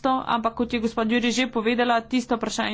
tisto, ampak kot je gospod Juri že povedala, tisto vprašanje